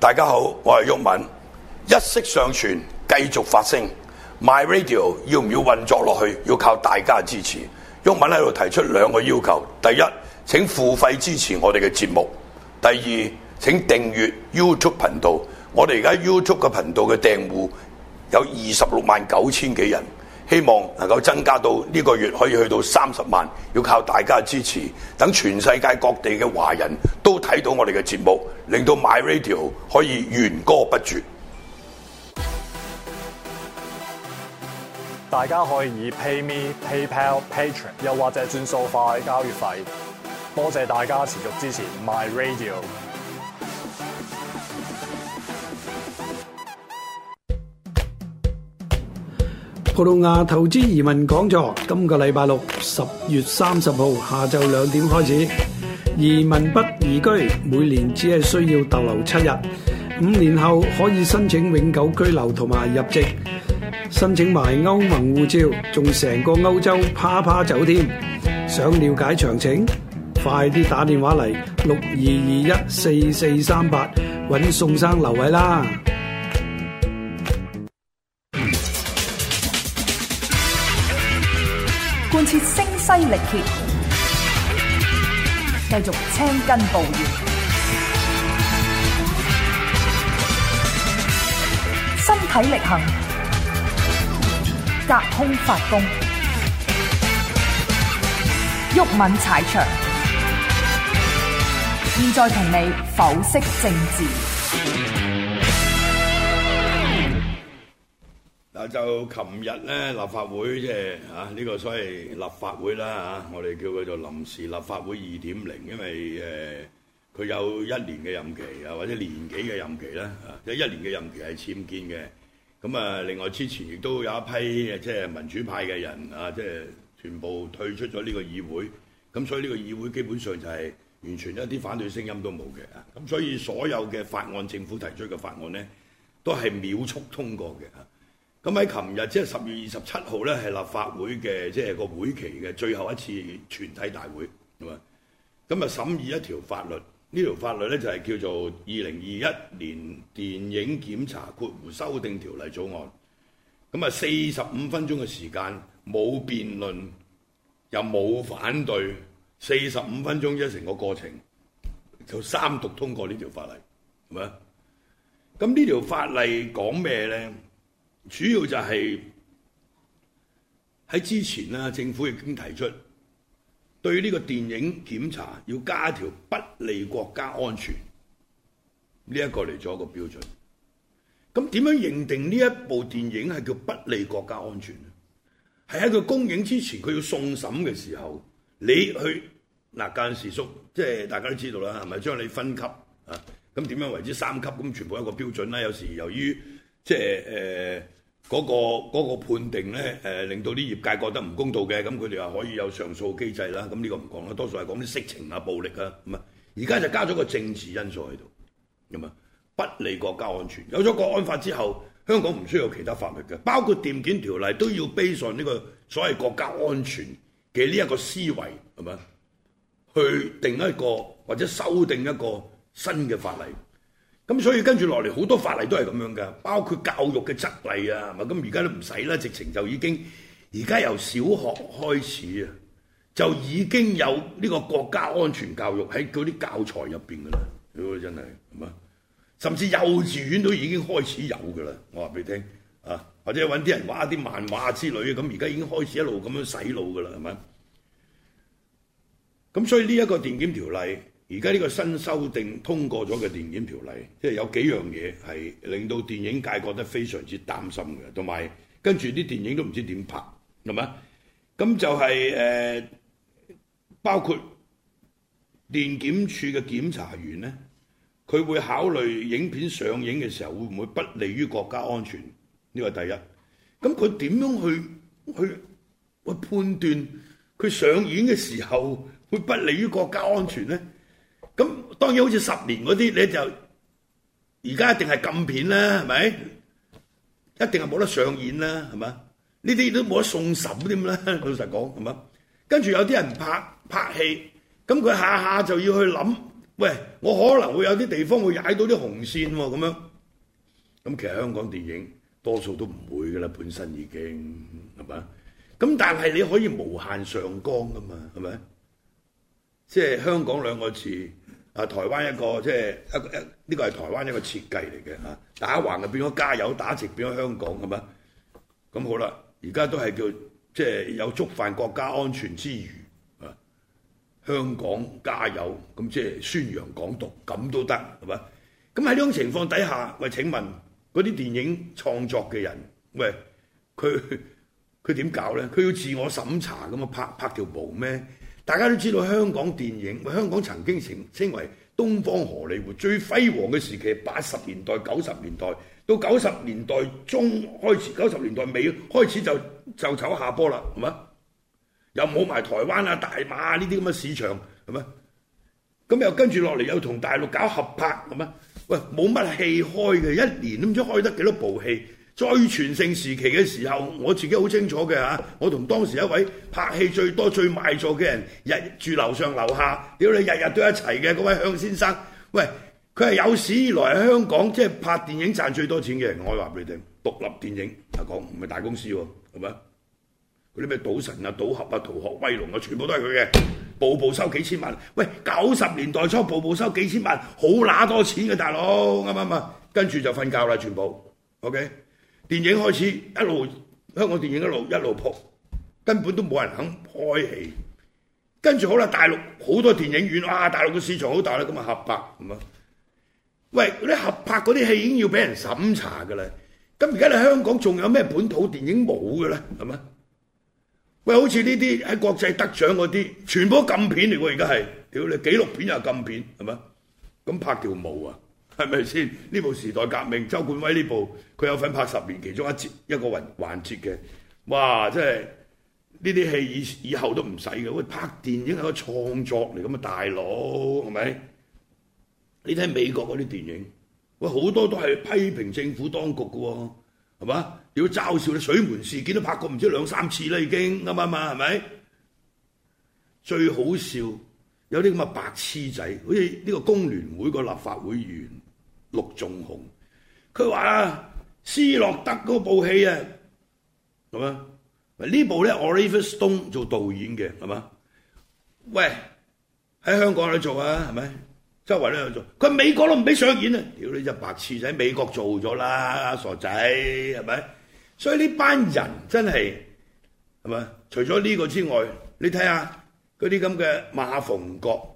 大家好，我係毓民，一息尚存，繼續發聲。My Radio 要唔要運作落去？要靠大家的支持。毓民喺度提出兩個要求：第一，請付費支持我哋嘅節目；第二，請訂閱 YouTube 頻道。我哋而家 YouTube 頻道嘅訂戶有二十六萬九千幾人。希望能夠增加到呢個月可以去到三十萬，要靠大家嘅支持，等全世界各地嘅華人都睇到我哋嘅節目，令到 My Radio 可以源源不絕。大家可以以 PayMe, PayPal, Patreon，又或者轉數快交月費，多謝大家持續支持 My Radio。葡萄牙投資移民講座，今個禮拜六十月三十號下晝兩點開始。移民不移居，每年只係需要逗留七日，五年後可以申請永久居留同埋入籍，申請埋歐盟護照，仲成個歐洲趴趴走添。想了解詳情，快啲打電話嚟六二二一四四三八，搵宋生留位啦。貫徹聲嘶力竭，繼續青筋暴現，身體力行，隔空發功，毓民踩場。現在同你剖析政治。就琴日咧，立法會即係呢個所謂立法會啦、啊、我哋叫佢做臨時立法會二點零，因為佢、呃、有一年嘅任期啊，或者年幾嘅任期啦嚇，即、啊係、一年嘅任期係僭建嘅。咁啊，另外之前亦都有一批即、就係、民主派嘅人啊，即、就、係、係、全部退出咗呢個議會，咁所以呢個議會基本上就係完全一啲反對聲音都冇嘅啊。咁所以所有嘅法案，政府提出嘅法案咧，都係秒速通過嘅啊。咁喺琴日，即係十月二十七號咧，係立法會嘅即係個會期嘅最後一次全體大會，係嘛？咁啊審議一條法律，呢條法律咧就係叫做《二零二一年電影檢查括弧修訂條例草案》。咁啊，四十五分鐘嘅時間冇辯論又冇反對，四十五分鐘一成個過程就三讀通過呢條法例，係咪？咁呢條法例講咩咧？主要就係喺之前啦，政府已經提出對呢個電影檢查要加條不，不利國家安全呢一個嚟做一個標準。咁點樣認定呢一部電影係叫不利國家安全？係喺佢公映之前，佢要送審嘅時候，你去嗱間時叔，即係大家都知道啦，係咪將你分級啊？咁點樣為之三級？咁全部一個標準啦。有時由於即係誒嗰個判定咧誒，令到啲業界覺得唔公道嘅，咁佢哋話可以有上訴機制啦。咁呢個唔講啦，多數係講啲色情啊、暴力啊。咁啊，而家就加咗個政治因素喺度，係嘛？不利國家安全。有咗國安法之後，香港唔需要其他法律嘅，包括電檢條例都要 base 上呢個所謂國家安全嘅呢一個思維係咪？去定一個或者修訂一個新嘅法例。咁所以跟住落嚟好多法例都係咁樣噶，包括教育嘅則例啊，係嘛？咁而家都唔使啦，直情就已經，而家由小學開始啊，就已經有呢個國家安全教育喺嗰啲教材入邊噶啦。妖，真係係嘛？甚至幼稚園都已經開始有噶啦，我話俾你聽，啊，或者揾啲人畫一啲漫畫之類，咁而家已經開始一路咁樣洗腦噶啦，係咪？咁所以呢一個電檢條例。而家呢個新修訂通過咗嘅電影條例，即係有幾樣嘢係令到電影界覺得非常之擔心嘅，同埋跟住啲電影都唔知點拍，係咪？咁就係誒，包括電檢處嘅檢查員咧，佢會考慮影片上映嘅時候會唔會不利於國家安全？呢個第一，咁佢點樣去去去判斷佢上映嘅時候會不利於國家安全咧？咁當然好似十年嗰啲，你就而家一定係禁片啦，係咪？一定係冇得上演啦，係咪？呢啲都冇得送審添啦。老實講，係嘛？跟住有啲人拍拍戲，咁佢下下就要去諗，喂，我可能會有啲地方會踩到啲紅線喎、啊，咁樣。咁其實香港電影多數都唔會㗎啦，本身已經係嘛？咁但係你可以無限上綱㗎嘛，係咪？即係香港兩個字。啊、台灣一個即係一個一呢個係台灣一個設計嚟嘅嚇，打橫就變咗加油，打直變咗香港係嘛？咁好啦，而家都係叫即係、就是、有觸犯國家安全之餘啊，香港加油咁即係宣揚港獨，咁都得係嘛？咁喺呢種情況底下，喂，請問嗰啲電影創作嘅人，喂，佢佢點搞咧？佢要自我審查咁啊？拍拍條毛咩？大家都知道香港電影，香港曾經成稱為東方荷里活，最輝煌嘅時期八十年代、九十年代，到九十年代中開始，九十年代尾開始就就走下坡啦，係嘛？又冇埋台灣啊、大馬呢啲咁嘅市場，係嘛？咁又跟住落嚟又同大陸搞合拍，係嘛？喂，冇乜戲開嘅，一年都唔知開得幾多部戲。最全盛時期嘅時候，我自己好清楚嘅嚇。我同當時一位拍戲最多、最賣座嘅人，日日住樓上樓下，屌你日日都在一齊嘅嗰位向先生。喂，佢係有史以來喺香港即係拍電影賺最多錢嘅人。我可以話俾你聽，獨立電影嚟、啊、講唔係大公司喎，係咪？嗰啲咩《賭神》啊、《賭俠》啊、《逃學威龍》啊，全部都係佢嘅，步步收幾千萬。喂，九十年代初步步收幾千萬，好揦多錢嘅大佬，啱唔啱？跟住就瞓覺啦，全部 OK。電影開始一路香港電影一路一路撲，根本都冇人肯開戲。跟住好啦，大陸好多電影院啊，大陸嘅市場好大啦，咁啊合拍咁啊。喂，你合拍嗰啲戲已經要俾人審查噶啦。咁而家你香港仲有咩本土電影冇嘅咧？係嘛？喂，好似呢啲喺國際得獎嗰啲，全部都禁片嚟㗎。而家係，屌你，紀錄片又禁片，係嘛？咁拍條毛啊！係咪先？呢部時代革命，周冠威呢部佢有份拍十年其中一節一個環環節嘅，哇！真係呢啲戲以以後都唔使嘅。喂，拍電影係個創作嚟咁啊，大佬係咪？你睇美國嗰啲電影，喂，好多都係批評政府當局㗎喎，係嘛？你要嘲笑你水門事件都拍過唔知道兩三次啦，已經啱唔啱？係咪？最好笑有啲咁嘅白痴仔，好似呢個工聯會個立法會議員。陸頌雄，佢話啊，《斯諾登》嗰部戲啊，係呢部咧，Oliver Stone 做導演嘅，係嘛？喂，喺香港度做啊，係咪？周圍都有做，佢美國都唔俾上演啊！屌你隻白痴仔，美國做咗啦，傻仔係咪？所以呢班人真係係嘛？除咗呢個之外，你睇下嗰啲咁嘅馬逢國。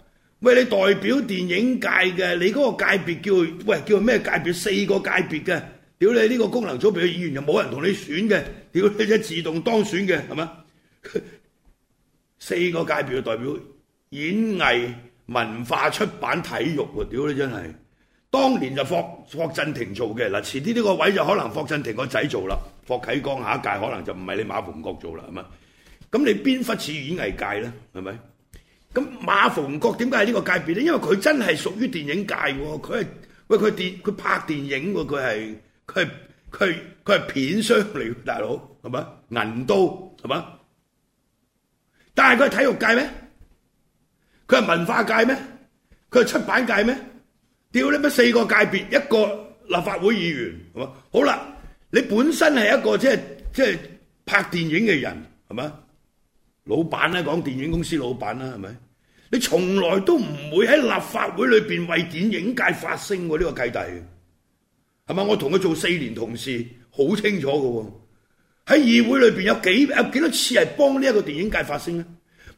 喂，你代表電影界嘅，你嗰個界別叫喂叫咩界別？四個界別嘅，屌你呢個功能組別嘅議員又冇人同你選嘅，屌你一自動當選嘅，係咪？四個界別嘅代表，演藝、文化、出版、體育喎，屌你真係！當年就霍霍震霆做嘅，嗱遲啲呢個位就可能霍震霆個仔做啦，霍啟剛下一屆可能就唔係你馬逢國做啦，係咪？咁你邊忽似演藝界咧？係咪？咁馬逢國點解係呢個界別咧？因為佢真係屬於電影界，佢係喂，佢電佢拍電影，佢係佢佢佢係片商嚟，大佬係嘛，銀都係嘛？但係佢係體育界咩？佢係文化界咩？佢係出版界咩？屌你乜四個界別一個立法會議員係嘛？好啦，你本身係一個即係即係拍電影嘅人係嘛？老闆咧，講電影公司老闆啦，係咪？你從來都唔會喺立法會裏邊為電影界發聲的，呢、這個契弟係嘛？我同佢做四年同事，好清楚噶喎。喺議會裏邊有幾有幾多次係幫呢一個電影界發聲咧？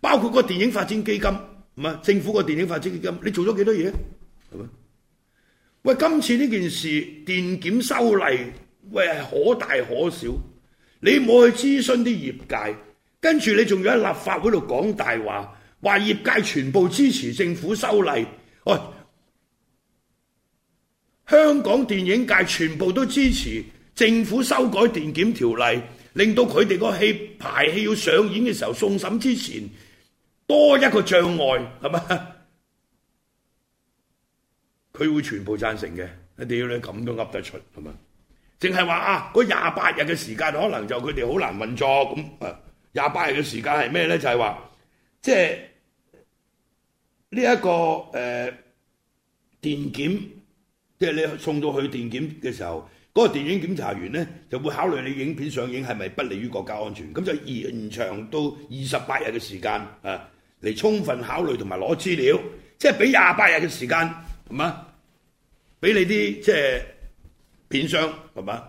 包括個電影發展基金，係咪？政府個電影發展基金，你做咗幾多嘢？係咪？喂，今次呢件事電檢修例喂係可大可小，你冇去諮詢啲業界。跟住你仲要喺立法會度講大話，話業界全部支持政府修例。哎，香港電影界全部都支持政府修改電檢條例，令到佢哋個戲排戲要上演嘅時候，送審之前多一個障礙係咪？佢會全部贊成嘅，一定要你咁都噏得出係咪？淨係話啊，嗰廿八日嘅時間可能就佢哋好難運作咁廿八日嘅時間係咩咧？就係話，即係呢一個誒電檢，即係你送到去電檢嘅時候，嗰個電影檢查員咧就會考慮你影片上映係咪不利於國家安全。咁就延長到二十八日嘅時間啊，嚟充分考慮同埋攞資料。即係俾廿八日嘅時間，係嘛？俾你啲即係片商，係嘛？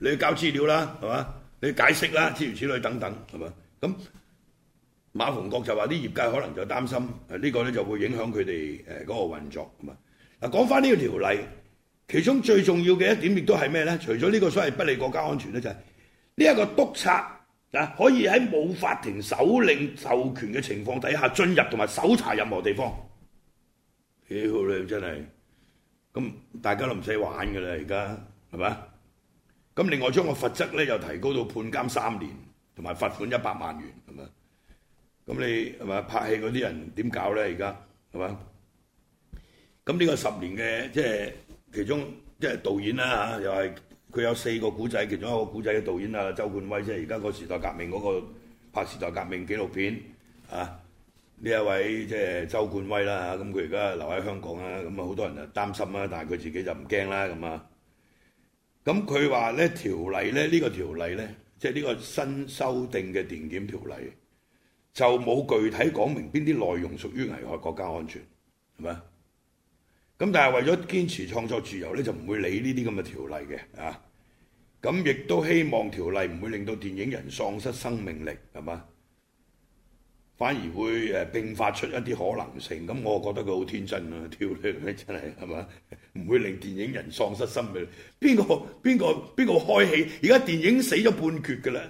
你去交資料啦，係嘛？你解釋啦，諸如此類等等，係嘛？咁馬逢國就話啲業界可能就擔心，呢個咧就會影響佢哋誒嗰個運作咁啊。嗱，講翻呢條例，其中最重要嘅一點亦都係咩咧？除咗呢個所謂不利國家安全咧，就係呢一個督察嗱，可以喺冇法庭手令授權嘅情況底下進入同埋搜查任何地方。好你真係，咁大家都唔使玩㗎啦，而家係咪？咁另外將個罰則咧又提高到判監三年同埋罰款一百萬元，係嘛？咁你係嘛拍戲嗰啲人點搞咧？而家係嘛？咁呢個十年嘅即係其中即係、即係、導演啦、啊、嚇，又係佢有四個古仔，其中一個古仔嘅導演啊，周冠威，即係而家個時代革命嗰、嗰個拍時代革命紀錄片啊呢一位即係、即係、周冠威啦、啊、嚇，咁佢而家留喺香港啦、啊，咁啊好多人就擔心啦、啊，但係佢自己就唔驚啦咁啊。咁佢話咧條例咧呢個條例咧，即係呢個新修訂嘅電檢條例，就冇具體講明邊啲內容屬於危害國家安全，係咪？咁但係為咗堅持創作自由咧，就唔會理呢啲咁嘅條例嘅啊。咁亦都希望條例唔會令到電影人喪失生命力，係咪？反而會誒並發出一啲可能性，咁我覺得佢好天真啊，跳梁真係係嘛，唔 會令電影人喪失心氣。邊個邊個邊個開戲？而家電影死咗半橛㗎喇，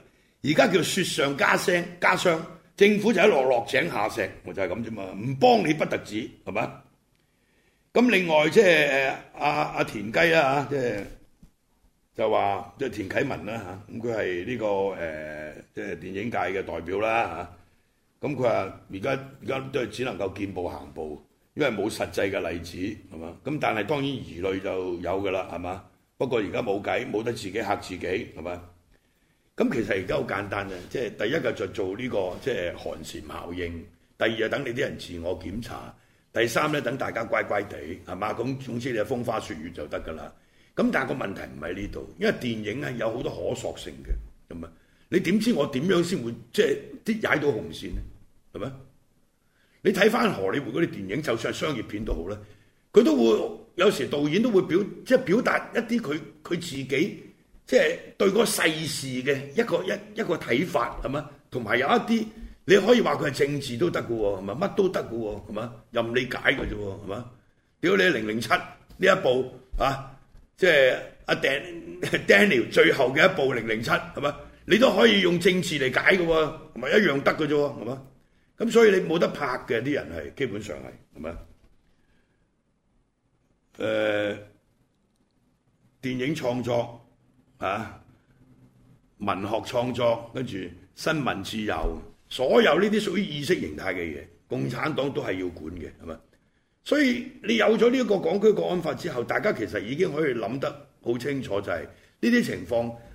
而家叫雪上加霜加霜。政府就喺落落井下石，我就係咁啫嘛，唔幫你不特止係嘛。咁另外即係阿阿田雞啊，嚇、呃，即、呃、係、呃、就話即係田啟文啦嚇，咁佢係呢個誒即係電影界嘅代表啦嚇。呃咁佢話：而家而家都係只能夠見步行步，因為冇實際嘅例子係嘛？咁但係當然疑慮就有㗎啦，係嘛？不過而家冇計，冇得自己嚇自己係嘛？咁其實而家好簡單嘅，即係第一個就做呢個即係寒蟬效應；第二就等你啲人自我檢查；第三咧等大家乖乖地係嘛？咁總之你係風花雪月就得㗎啦。咁但係個問題唔喺呢度，因為電影咧有好多可塑性嘅，咁你點知我點樣先會即係啲踩到紅線呢？係咪？你睇翻荷里活嗰啲電影，就算係商業片都好啦，佢都會有時導演都會表即係表達一啲佢佢自己即係對個世事嘅一個一一個睇法係咪？同埋有，有一啲你可以話佢係政治都得㗎喎，係咪？乜都得㗎喎？係咪？理解嘅啫喎？係咪？屌你零零七呢一部啊，即係阿 Daniel 最後嘅一部零零七係咪？你都可以用政治嚟解嘅喎，咪一樣得嘅啫喎，係嘛？咁所以你冇得拍嘅啲人係基本上係係咪？誒、呃，電影創作啊，文學創作，跟住新聞自由，所有呢啲屬於意識形態嘅嘢，共產黨都係要管嘅，係咪？所以你有咗呢一個《港區國安法》之後，大家其實已經可以諗得好清楚，就是，就係呢啲情況。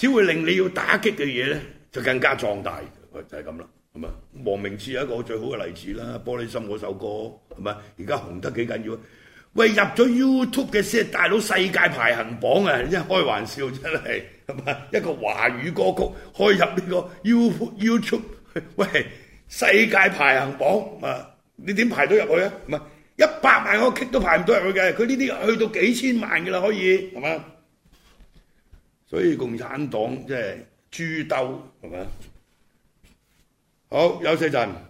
只會令你要打擊嘅嘢咧，就更加壯大，就係咁啦。咁啊，黃明志有一個最好嘅例子啦，《玻璃心》嗰首歌，係咪？而家紅得幾緊要啊？喂，入咗 YouTube 嘅些大佬世界排行榜啊！真係開玩笑真係，係咪一個華語歌曲可以入呢個 You You Tube？喂，世界排行榜啊，你點排到入去啊？唔係一百萬個 click 都排唔到入去嘅，佢呢啲去到幾千萬㗎喇，可以係嘛？所以共產黨即係豬兜，好，好，休息一陣。